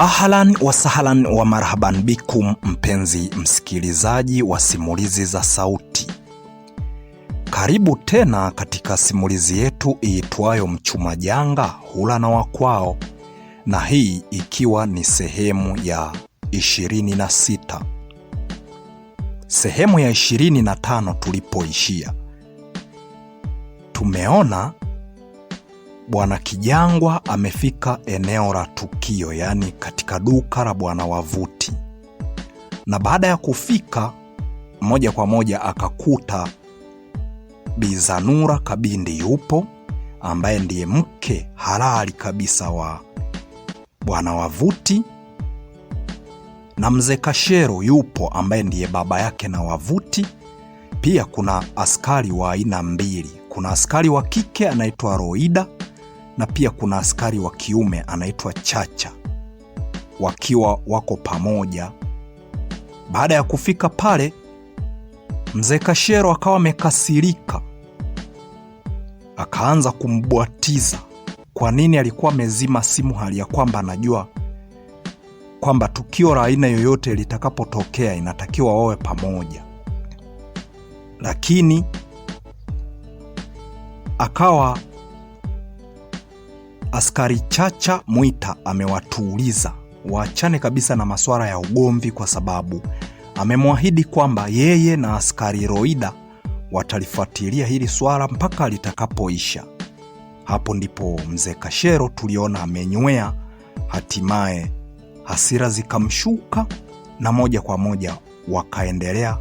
Ahlan wasahalan wa marhaban bikum, mpenzi msikilizaji wa simulizi za sauti, karibu tena katika simulizi yetu iitwayo Mchuma Janga Hula na Wakwao, na hii ikiwa ni sehemu ya 26. Sehemu ya 25 tulipoishia, tumeona Bwana Kijangwa amefika eneo la tukio, yaani katika duka la Bwana Wavuti, na baada ya kufika moja kwa moja akakuta bizanura Kabindi yupo, ambaye ndiye mke halali kabisa wa Bwana Wavuti, na mzee Kashero yupo, ambaye ndiye baba yake na Wavuti. Pia kuna askari wa aina mbili, kuna askari wa kike anaitwa Roida na pia kuna askari wa kiume anaitwa Chacha, wakiwa wako pamoja. Baada ya kufika pale, mzee Kashero akawa amekasirika, akaanza kumbwatiza kwa nini alikuwa amezima simu hali ya kwamba anajua kwamba tukio la aina yoyote litakapotokea inatakiwa wawe pamoja, lakini akawa Askari Chacha Mwita amewatuuliza waachane kabisa na masuala ya ugomvi kwa sababu amemwahidi kwamba yeye na Askari Roida watalifuatilia hili swala mpaka litakapoisha. Hapo ndipo mzee Kashero tuliona amenywea, hatimaye hasira zikamshuka na moja kwa moja wakaendelea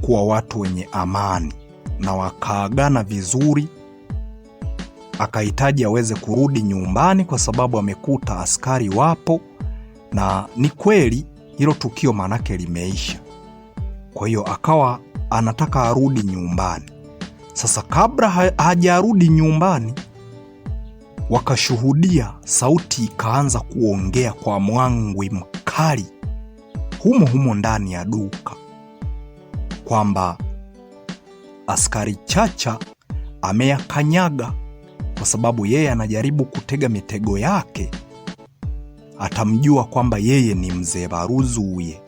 kuwa watu wenye amani na wakaagana vizuri akahitaji aweze kurudi nyumbani kwa sababu amekuta askari wapo, na ni kweli hilo tukio maanake limeisha. Kwa hiyo akawa anataka arudi nyumbani. Sasa kabla hajarudi nyumbani, wakashuhudia sauti ikaanza kuongea kwa mwangwi mkali humo humo ndani ya duka kwamba askari Chacha ameyakanyaga kwa sababu yeye anajaribu kutega mitego yake. Atamjua kwamba yeye ni mzee baruzu huye.